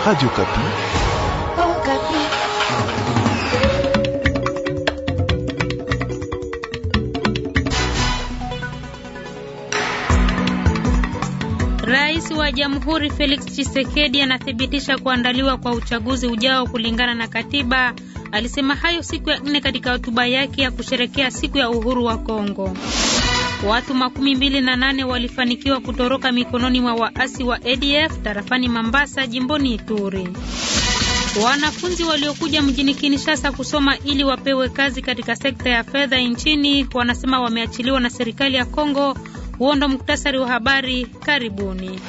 Radio Okapi. Oh, Rais wa Jamhuri Felix Tshisekedi anathibitisha kuandaliwa kwa uchaguzi ujao kulingana na katiba. Alisema hayo siku ya nne katika hotuba yake ya kusherekea siku ya uhuru wa Kongo. Watu makumi mbili na nane walifanikiwa kutoroka mikononi mwa waasi wa ADF tarafani Mambasa jimboni Ituri. Wanafunzi waliokuja mjini Kinshasa kusoma ili wapewe kazi katika sekta ya fedha nchini wanasema wameachiliwa na serikali ya Kongo. Huo ndo muktasari wa habari. Karibuni.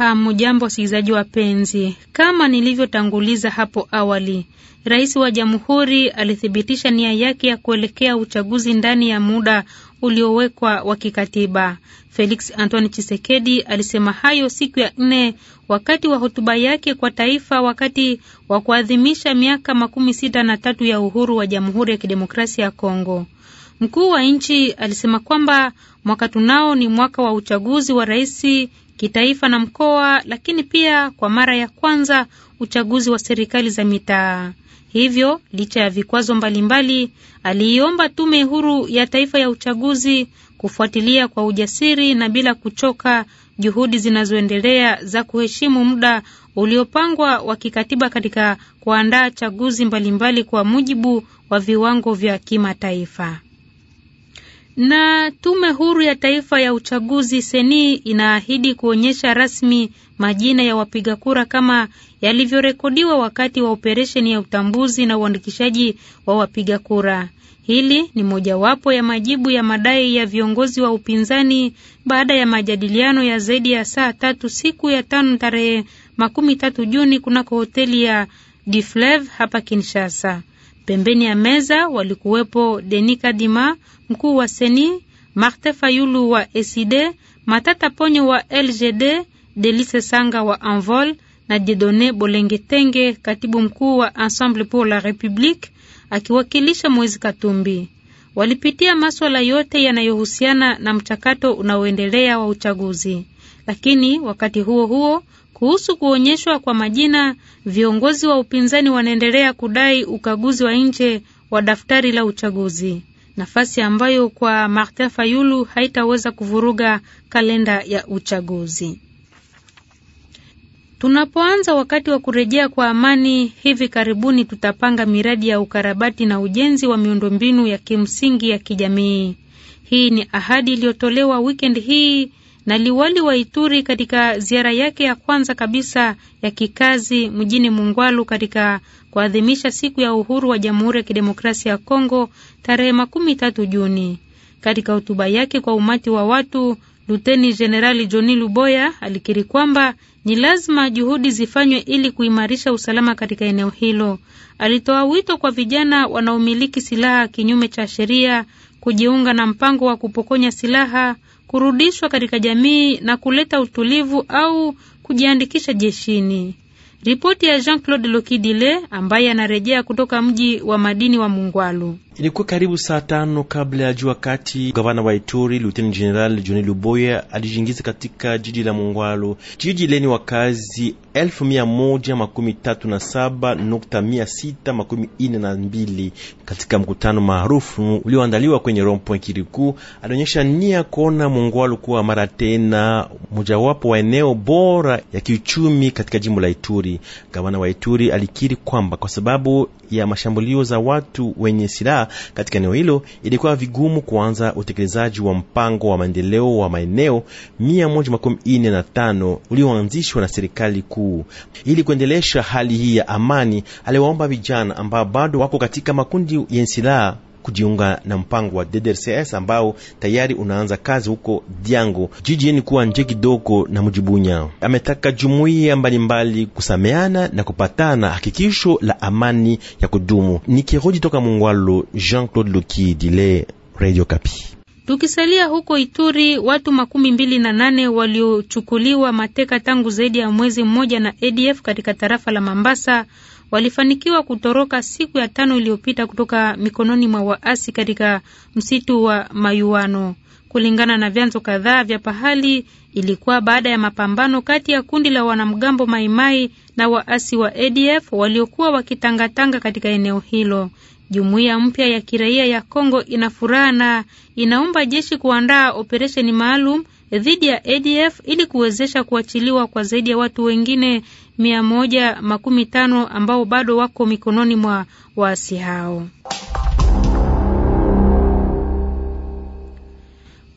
Hamujambo wasikilizaji wapenzi, kama nilivyotanguliza hapo awali, rais wa jamhuri alithibitisha nia yake ya kuelekea uchaguzi ndani ya muda uliowekwa wa kikatiba. Felix Antoine Chisekedi alisema hayo siku ya nne wakati wa hotuba yake kwa taifa wakati wa kuadhimisha miaka makumi sita na tatu ya uhuru wa jamhuri ya kidemokrasia ya Kongo. Mkuu wa nchi alisema kwamba mwaka tunao ni mwaka wa uchaguzi wa rais, kitaifa na mkoa, lakini pia kwa mara ya kwanza uchaguzi wa serikali za mitaa. Hivyo, licha ya vikwazo mbalimbali, aliiomba tume huru ya taifa ya uchaguzi kufuatilia kwa ujasiri na bila kuchoka juhudi zinazoendelea za kuheshimu muda uliopangwa wa kikatiba katika kuandaa chaguzi mbalimbali kwa mujibu wa viwango vya kimataifa. Na tume huru ya taifa ya uchaguzi seni inaahidi kuonyesha rasmi majina ya wapiga kura kama yalivyorekodiwa wakati wa operesheni ya utambuzi na uandikishaji wa wapiga kura. Hili ni mojawapo ya majibu ya madai ya viongozi wa upinzani baada ya majadiliano ya zaidi ya saa tatu siku ya tano tarehe makumi tatu Juni kunako hoteli ya Diflev hapa Kinshasa. Pembeni ya meza walikuwepo Denis Kadima, mkuu wa Seni, Marte Fayulu wa esid Matata Ponyo wa LGD, Delice Sanga wa Anvol na Jedone Bolengetenge, katibu mkuu wa Ensemble pour la Republique akiwakilisha Mwezi Katumbi. Walipitia maswala yote yanayohusiana na mchakato unaoendelea wa uchaguzi, lakini wakati huo huo kuhusu kuonyeshwa kwa majina, viongozi wa upinzani wanaendelea kudai ukaguzi wa nje wa daftari la uchaguzi, nafasi ambayo kwa Martin Fayulu haitaweza kuvuruga kalenda ya uchaguzi. Tunapoanza wakati wa kurejea kwa amani, hivi karibuni tutapanga miradi ya ukarabati na ujenzi wa miundombinu ya kimsingi ya kijamii. Hii ni ahadi iliyotolewa wikendi hii na liwali wa Ituri katika ziara yake ya kwanza kabisa ya kikazi mjini Mungwalu katika kuadhimisha siku ya uhuru wa Jamhuri ya Kidemokrasia ya Kongo tarehe makumi tatu Juni. Katika hotuba yake kwa umati wa watu, Luteni Jenerali Johni Luboya alikiri kwamba ni lazima juhudi zifanywe ili kuimarisha usalama katika eneo hilo. Alitoa wito kwa vijana wanaomiliki silaha kinyume cha sheria kujiunga na mpango wa kupokonya silaha kurudishwa katika jamii na kuleta utulivu au kujiandikisha jeshini. Ripoti ya Jean-Claude Lokidile ambaye anarejea kutoka mji wa madini wa Mungwalu. Ilikuwa karibu saa tano kabla ya jua kati, gavana wa Ituri Luteni General John Luboya alijiingiza katika jiji la Mongwalo, jiji leni wakazi elfu mia moja makumi tatu na saba nukta mia sita makumi ine na mbili katika mkutano maarufu ulioandaliwa kwenye Rond-Point Alionyesha nia kuona Mongwalo kuwa mara tena mojawapo wa eneo bora ya kiuchumi katika jimbo la Ituri. Gavana wa Ituri alikiri kwamba kwa sababu ya mashambulio za watu wenye silaha katika eneo hilo, ilikuwa vigumu kuanza utekelezaji wa mpango wa maendeleo wa maeneo 145 ulioanzishwa na serikali kuu. Ili kuendelesha hali hii ya amani, aliwaomba vijana ambao bado wako katika makundi yenye silaha kujiunga na mpango wa DDRCS ambao tayari unaanza kazi huko Diango jijini kuwa nje kidogo na Mjibunya. Ametaka jumuiya mbalimbali kusameana na kupatana hakikisho la amani ya kudumu. Nikirudi toka Mungwalo, Jean-Claude Luki Dile, Radio Kapi. Tukisalia huko Ituri, watu makumi mbili na nane waliochukuliwa mateka tangu zaidi ya mwezi mmoja na ADF katika tarafa la Mambasa walifanikiwa kutoroka siku ya tano iliyopita kutoka mikononi mwa waasi katika msitu wa Mayuano. Kulingana na vyanzo kadhaa vya pahali, ilikuwa baada ya mapambano kati ya kundi la wanamgambo Maimai na waasi wa ADF waliokuwa wakitangatanga katika eneo hilo. Jumuiya mpya ya kiraia ya Kongo ina furaha na inaomba jeshi kuandaa operesheni maalum dhidi ya ADF ili kuwezesha kuachiliwa kwa zaidi ya watu wengine mia moja makumi tano ambao bado wako mikononi mwa waasi hao.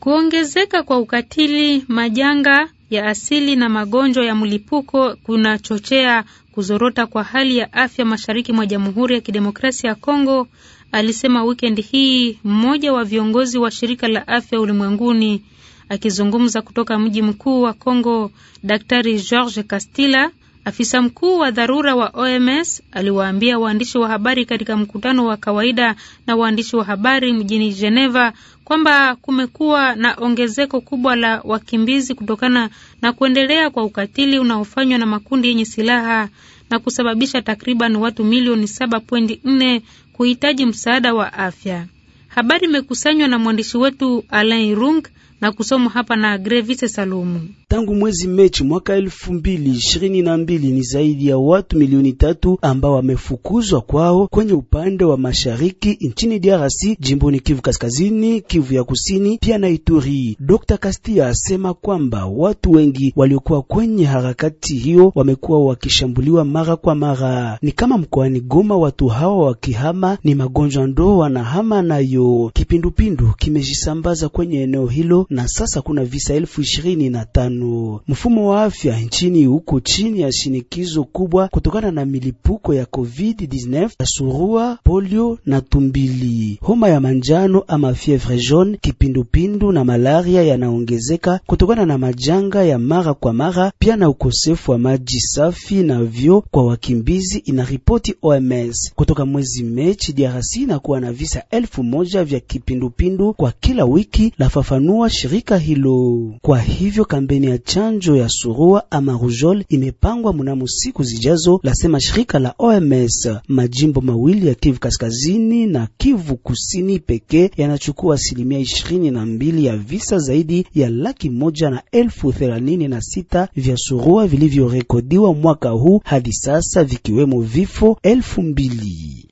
Kuongezeka kwa ukatili, majanga ya asili na magonjwa ya mlipuko kunachochea kuzorota kwa hali ya afya mashariki mwa Jamhuri ya Kidemokrasia ya Kongo, alisema wikendi hii mmoja wa viongozi wa shirika la afya ulimwenguni. Akizungumza kutoka mji mkuu wa Kongo, Daktari George Castilla Afisa mkuu wa dharura wa OMS aliwaambia waandishi wa habari katika mkutano wa kawaida na waandishi wa habari mjini Geneva kwamba kumekuwa na ongezeko kubwa la wakimbizi kutokana na kuendelea kwa ukatili unaofanywa na makundi yenye silaha na kusababisha takriban watu milioni 7.4 kuhitaji msaada wa afya. Habari imekusanywa na mwandishi wetu Alain Rung na kusomwa hapa na Grevise Salumu. Tangu mwezi Mechi mwaka elfu mbili ishirini na mbili ni zaidi ya watu milioni tatu ambao wamefukuzwa kwao kwenye upande wa mashariki nchini DRC, jimboni Kivu Kaskazini, Kivu ya Kusini pia na Ituri. Dr. Kastia asema kwamba watu wengi waliokuwa kwenye harakati hiyo wamekuwa wakishambuliwa mara kwa mara, ni kama mkoani Goma. Watu hawa wakihama ni magonjwa ndo wanahama nayo. Kipindupindu kimejisambaza kwenye eneo hilo na sasa kuna visa elfu ishirini na tano. Mfumo wa afya nchini huko chini ya shinikizo kubwa kutokana na milipuko ya COVID-19, ya surua, polio na tumbili. Homa ya manjano ama fievre jaune, kipindupindu na malaria yanaongezeka kutokana na majanga ya mara kwa mara, pia na ukosefu wa maji safi na vyo kwa wakimbizi, inaripoti OMS. Kutoka mwezi Mechi, DRC na kuwa na visa elfu moja vya kipindupindu kwa kila wiki, lafafanua shirika hilo. Kwa hivyo kampeni ya chanjo ya surua ama rujol imepangwa mnamo siku zijazo, lasema shirika la OMS. Majimbo mawili ya Kivu Kaskazini na Kivu Kusini pekee yanachukua asilimia ishirini na mbili ya visa zaidi ya laki moja na elfu thelathini na sita vya surua vilivyorekodiwa mwaka huu hadi sasa, vikiwemo vifo elfu mbili.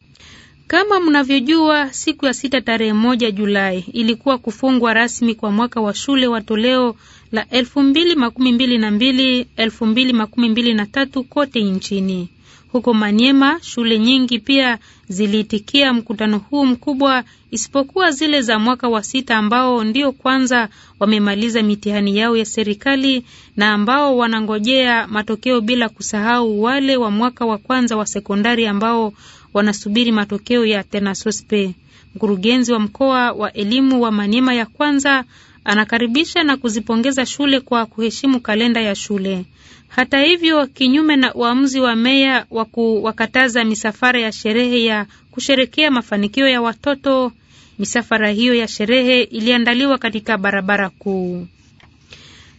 Kama mnavyojua, siku ya sita tarehe moja Julai ilikuwa kufungwa rasmi kwa mwaka wa shule wa toleo la elfu mbili makumi mbili na mbili elfu mbili makumi mbili na tatu kote nchini. Huko Manyema, shule nyingi pia ziliitikia mkutano huu mkubwa, isipokuwa zile za mwaka wa sita ambao ndio kwanza wamemaliza mitihani yao ya serikali na ambao wanangojea matokeo, bila kusahau wale wa mwaka wa kwanza wa sekondari ambao wanasubiri matokeo ya Tenasospe. Mkurugenzi wa mkoa wa elimu wa Maniema ya kwanza anakaribisha na kuzipongeza shule kwa kuheshimu kalenda ya shule. Hata hivyo, kinyume na uamuzi wa meya wa kuwakataza misafara ya sherehe ya kusherekea mafanikio ya watoto, misafara hiyo ya sherehe iliandaliwa katika barabara kuu.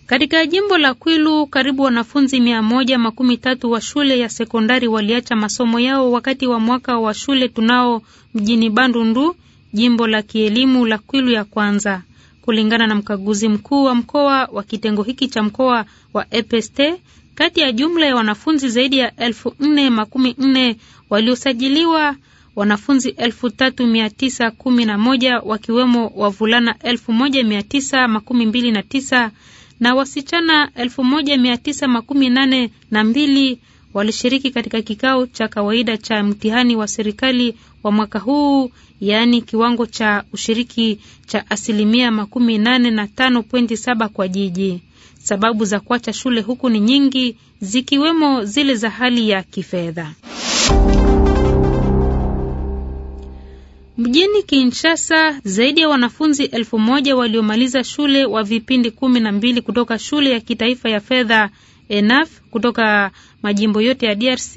Katika jimbo la Kwilu karibu wanafunzi mia moja makumi tatu wa shule ya sekondari waliacha masomo yao wakati wa mwaka wa shule tunao mjini Bandundu, jimbo la kielimu la Kwilu ya kwanza, kulingana na mkaguzi mkuu wa mkoa wa kitengo hiki cha mkoa wa EPST. Kati ya jumla ya wanafunzi zaidi ya elfu nne makumi nne waliosajiliwa wanafunzi elfu tatu mia tisa kumi na moja wakiwemo wavulana elfu moja mia tisa makumi mbili na tisa na wasichana 1982 walishiriki katika kikao cha kawaida cha mtihani wa serikali wa mwaka huu, yaani kiwango cha ushiriki cha asilimia 85.7 kwa jiji. Sababu za kuacha shule huku ni nyingi, zikiwemo zile za hali ya kifedha. Mjini Kinshasa, zaidi ya wanafunzi elfu moja waliomaliza shule wa vipindi kumi na mbili kutoka shule ya kitaifa ya fedha ENAF kutoka majimbo yote ya DRC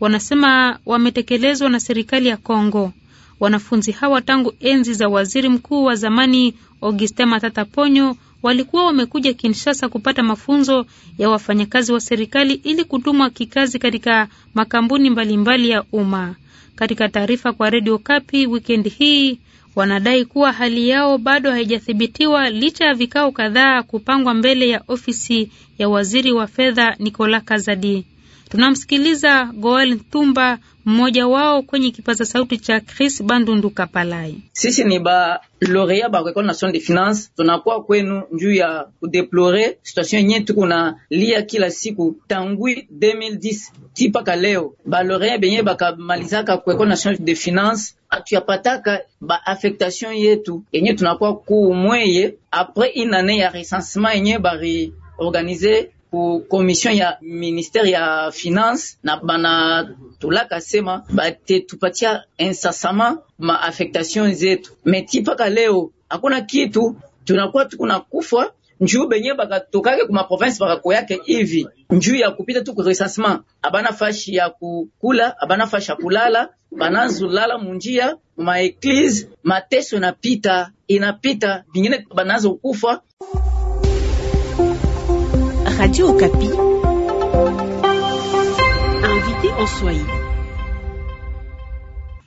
wanasema wametekelezwa na serikali ya congo Wanafunzi hawa tangu enzi za waziri mkuu wa zamani Augustin Matata Ponyo walikuwa wamekuja Kinshasa kupata mafunzo ya wafanyakazi wa serikali ili kutumwa kikazi katika makampuni mbalimbali ya umma. Katika taarifa kwa redio Kapi wikendi hii, wanadai kuwa hali yao bado haijathibitiwa licha ya vikao kadhaa kupangwa mbele ya ofisi ya waziri wa fedha Nicolas Kazadi. Tunamsikiliza Goel ntumba mmoja wao kwenye kipaza sauti cha Chris Bandundu Kapalai. Sisi ni ba laureat ba Ecole Nationale de Finance, tunakuwa kwenu njuu ya kudeplore situation yenye tuku na lia kila siku tangui 2010 ti tipaka leo. Ba laureat benye bakamalizaka ku Ecole Nationale de Finance atuyapataka ba affectation yetu yenye tunakuwa kumweye apres inane ya recensement yenye bari organize ku komision ya ministere ya finance na banatulaka sema batetupatia ensasama ma affectation zetu meti mpaka leo hakuna kitu tunakuwa tukuna kufa njuu benye bakatokake kuma province bakakoyake hivi njuu ya kupita tu ku abana fashi ya kukula abana fashi ya kulala banazolala munjia ma eglise mateso inapita inapita bingine banazo kufa Radio Okapi. Invité en Swahili.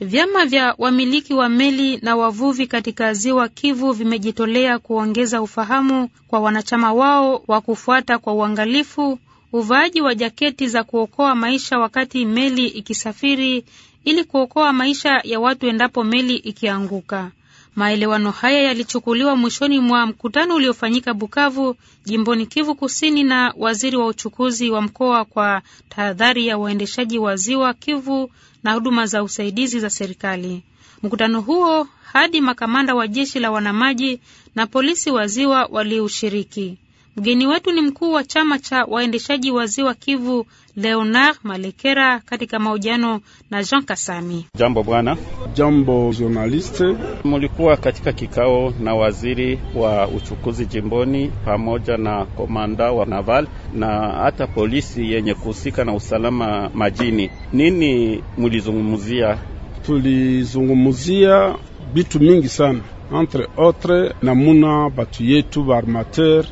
Vyama vya wamiliki wa meli na wavuvi katika ziwa Kivu vimejitolea kuongeza ufahamu kwa wanachama wao wa kufuata kwa uangalifu uvaaji wa jaketi za kuokoa maisha wakati meli ikisafiri ili kuokoa maisha ya watu endapo meli ikianguka. Maelewano haya yalichukuliwa mwishoni mwa mkutano uliofanyika Bukavu, jimboni Kivu Kusini, na waziri wa uchukuzi wa mkoa kwa tahadhari ya waendeshaji wa ziwa Kivu na huduma za usaidizi za serikali. Mkutano huo hadi makamanda wa jeshi la wanamaji na polisi wa ziwa waliushiriki. Mgeni wetu ni mkuu wa chama cha waendeshaji wa ziwa Kivu, Leonard Malekera, katika mahojiano na Jean Kasami. Jambo bwana. Jambo journaliste. Mulikuwa katika kikao na waziri wa uchukuzi jimboni pamoja na komanda wa naval na hata polisi yenye kuhusika na usalama majini. Nini mulizungumzia? tulizungumuzia bitu mingi sana, entre autres namuna batu yetu ba armateur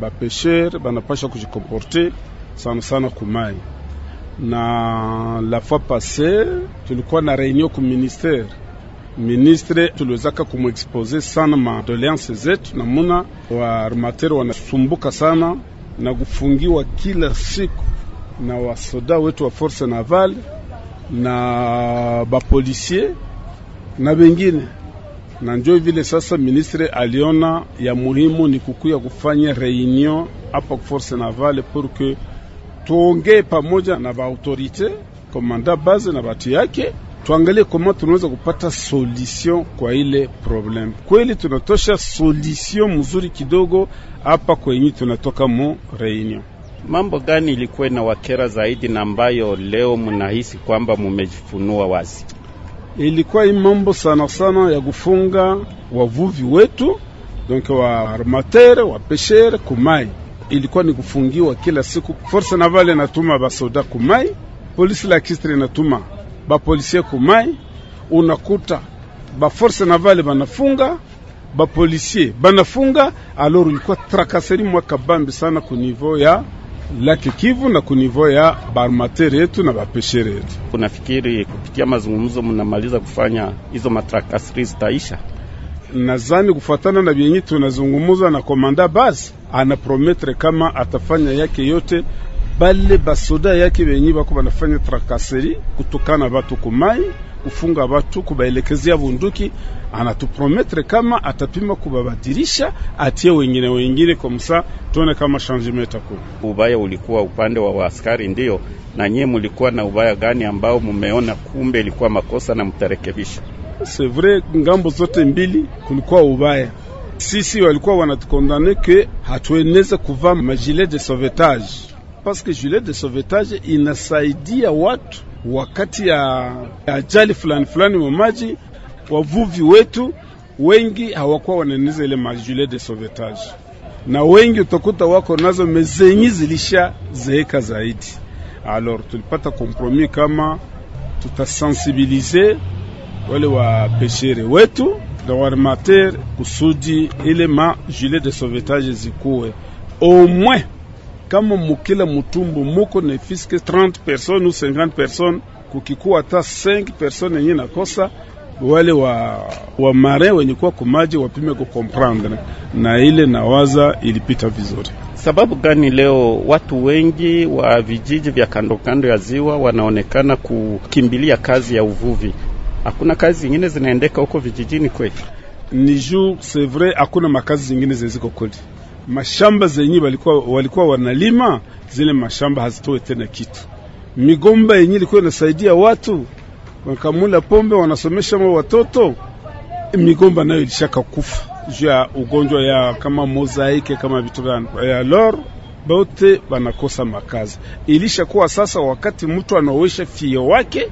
bapeshere banapasha kujikomporte sana sana kumai. Na la fois passe tulikuwa na reunion ku ministere ministre, tuliwezaka kumexpose sana madoleanse zetu, namuna wa armatere wanasumbuka sana na kufungiwa kila siku na wasoda wetu wa force navale na bapolisier na bengine na njo vile sasa ministre aliona ya muhimu ni kukuya kufanya reunion hapa force navale pour que tuongee pamoja na baautorite komanda base na batu yake tuangalie comment tunaweza kupata solution kwa ile problem. Kweli tunatosha solution mzuri kidogo hapa kwenye tunatoka mu reunion. Mambo gani ilikuwa na wakera zaidi na ambayo leo mnahisi kwamba mumejifunua wazi? ilikuwa mambo sana sana ya kufunga wavuvi wetu donc wa armatere wa peshere kumai, ilikuwa ni kufungiwa kila siku. Force navale natuma basoda kumai, polisi la kistre natuma bapolisie kumai. Unakuta baforce navale banafunga bapolisie banafunga, alors ilikuwa trakaseri bambi sana ku niveau ya lake Kivu na ya barumatere yetu na bapeshere yetu. Unafikiri kupitia mazungumzo mnamaliza kufanya hizo matrakasiri zitaisha? Nazani kufuatana na vyenye tunazungumuza na komanda basi anaprometre kama atafanya yake yote bale basoda yake venye bako banafanya trakaseri kutokana batu kumai kufunga watu kubaelekezea bunduki, anatuprometre kama atapima kubabadilisha, atie wengine wengine, kwa msa, tuone kama changement itakuwa. Ubaya ulikuwa upande wa askari, ndio na nyie mulikuwa na ubaya gani ambao mumeona kumbe ilikuwa makosa na mtarekebisha? C'est vrai, ngambo zote mbili kulikuwa ubaya. Sisi walikuwa wanatukondane ke hatueneze kuvaa majile de sauvetage que gilet de sauvetage inasaidia watu wakati ya ajali fulani fulani wa maji. Wavuvi wetu wengi hawakuwa wananeza ile majilet de sauvetage, na wengi utakuta wako nazo mezenyi zilisha zeeka zaidi. Alors tulipata kompromis kama tutasensibilize wale wapeshere wetu na warmater kusudi ile ma de sauvetage zikuwe omwe kama mukila mutumbu muko nefiske 30 personnes ou 50 personnes, kukikuwa ata 5 personnes yenye nakosa wale wa, wa mare wenye kuwa kumaji wapime kukomprendre, na ile nawaza ilipita vizuri. Sababu gani leo watu wengi wa vijiji vya kando kando ya ziwa wanaonekana kukimbilia kazi ya uvuvi? Hakuna kazi zingine zinaendeka huko vijijini kweli? Ni juu c'est vrai, hakuna makazi zingine zeziko kweli mashamba zenye walikuwa, walikuwa wanalima zile mashamba hazitoe tena kitu. Migomba yenye ilikuwa inasaidia watu wakamula pombe wanasomesha ma watoto, migomba nayo ilishaka kufa juu ya ugonjwa ya kama mozaike kama vitu ya lor bote banakosa makazi. Ilishakuwa sasa, wakati mtu anaowesha fio wake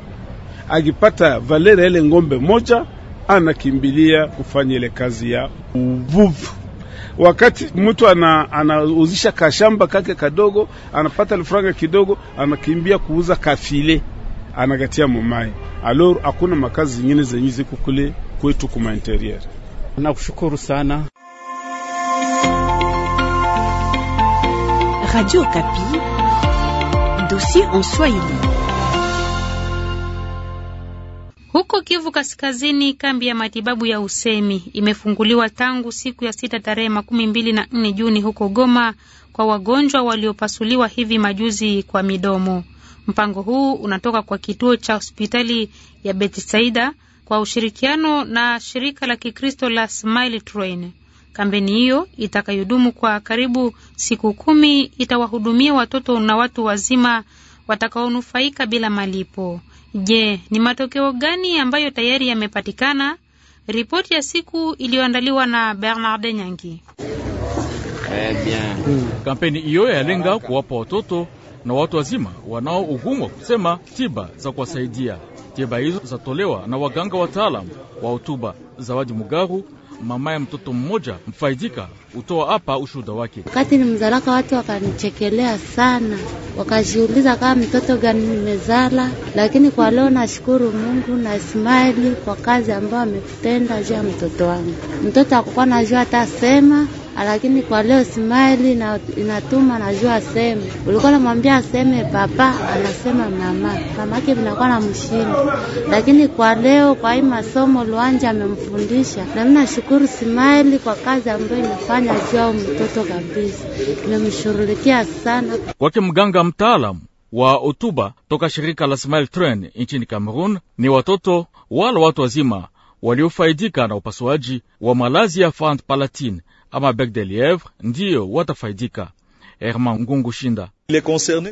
akipata valera ile ngombe moja, anakimbilia kufanya ile kazi ya uvuvu. Wakati mtu ana, anauzisha kashamba kake kadogo, anapata lifranga kidogo, anakimbia kuuza kafile, anagatia mumai. alor hakuna makazi zingine zenye ziko kule kwetu kuma interior. Nakushukuru sana. Radio Kapi, dossier en Swahili. Huko Kivu Kaskazini, kambi ya matibabu ya usemi imefunguliwa tangu siku ya sita tarehe makumi mbili na nne Juni huko Goma kwa wagonjwa waliopasuliwa hivi majuzi kwa midomo. Mpango huu unatoka kwa kituo cha hospitali ya Betisaida kwa ushirikiano na shirika la Kikristo la Smile Train. Kampeni hiyo itakayodumu kwa karibu siku kumi itawahudumia watoto na watu wazima watakaonufaika bila malipo. Je, ni matokeo gani ambayo tayari yamepatikana? Ripoti ya siku iliyoandaliwa na Bernard Nyangi. Eh, hmm. Kampeni hiyo yalenga kuwapa watoto na watu wazima wanaougumwa kusema tiba za kuwasaidia. Tiba hizo zatolewa na waganga wataalamu wa hotuba. Zawadi Mugaru mama ya mtoto mmoja mfaidika utoa hapa ushuhuda wake. Wakati ni mzalaka, watu wakanichekelea sana, wakajiuliza kama mtoto gani nimezala. Lakini kwa leo nashukuru Mungu na Ismaili kwa kazi ambayo ametutenda juu ya mtoto wangu. Mtoto akukuwa najua atasema lakini kwa leo smile na inatuma najua aseme. Ulikuwa namwambia aseme papa, anasema mama, mamake vinakuwa na mshindi Lakini kwa leo kwa hii masomo Luanja amemfundisha, na mimi nashukuru smile kwa kazi ambayo inafanya juu mtoto kabisa, nimemshughulikia sana kwake. Mganga mtaalamu wa utuba toka shirika la Smile Train nchini Cameroon, ni watoto wala watu wazima waliofaidika na upasuaji wa malazi ya fant palatine ama bec de lievre ndiyo watafaidika. Herman Ngungu Shinda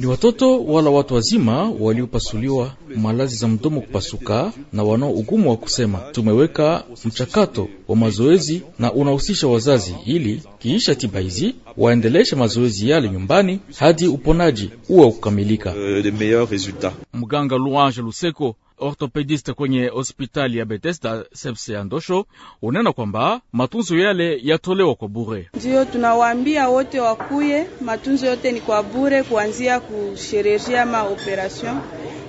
ni watoto wala watu wazima waliopasuliwa malazi za mdomo kupasuka na wanao ugumu wa kusema. Tumeweka mchakato wa mazoezi na unahusisha wazazi, ili kiisha tiba hizi waendeleshe mazoezi yale nyumbani hadi uponaji uwe kukamilika. Euh, Mganga Louange Luseko orthopediste kwenye hospitali ya Bethesda sepse ya Ndosho unena kwamba matunzo yale yatolewa kwa bure. Ndiyo tunawaambia wote wakuye, matunzo yote ni kwa bure, kuanzia kusherehia ma operation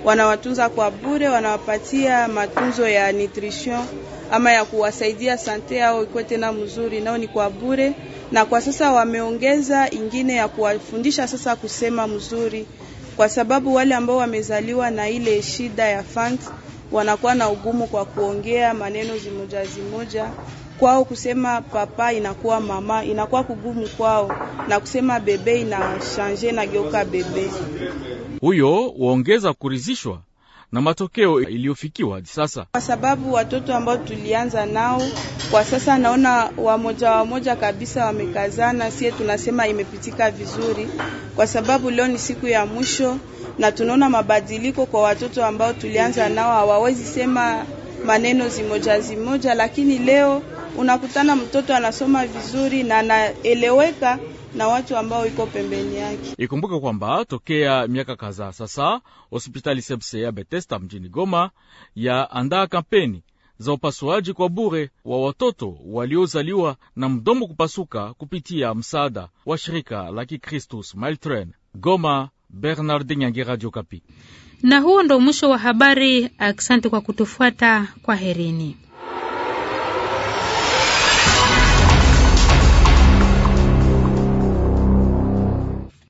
wanawatunza kwa bure, wanawapatia matunzo ya nutrition ama ya kuwasaidia sante yao ikuwe tena mzuri, nao ni kwa bure. Na kwa sasa wameongeza ingine ya kuwafundisha sasa kusema mzuri kwa sababu wale ambao wamezaliwa na ile shida ya fant wanakuwa na ugumu kwa kuongea maneno zimoja zimoja kwao kusema papa inakuwa mama inakuwa kugumu kwao, na kusema bebe ina inageuka na geuka bebe. Huyo waongeza kurizishwa na matokeo iliyofikiwa hadi sasa, kwa sababu watoto ambao tulianza nao kwa sasa naona wamoja wamoja kabisa wamekazana. Sie tunasema imepitika vizuri, kwa sababu leo ni siku ya mwisho na tunaona mabadiliko kwa watoto ambao tulianza nao, hawawezi sema maneno zimoja zimoja, lakini leo unakutana mtoto anasoma vizuri na anaeleweka na watu ambao iko pembeni yake. Ikumbuke kwamba tokea miaka kadhaa sasa hospitali sebse ya betesta mjini Goma ya andaa kampeni za upasuaji kwa bure wa watoto waliozaliwa na mdomo kupasuka kupitia msaada wa shirika la Kikristus miltren Goma, Bernardin nyangi Radio Kapi. Na huo ndo mwisho wa habari. Asante kwa kutufuata. Kwaherini.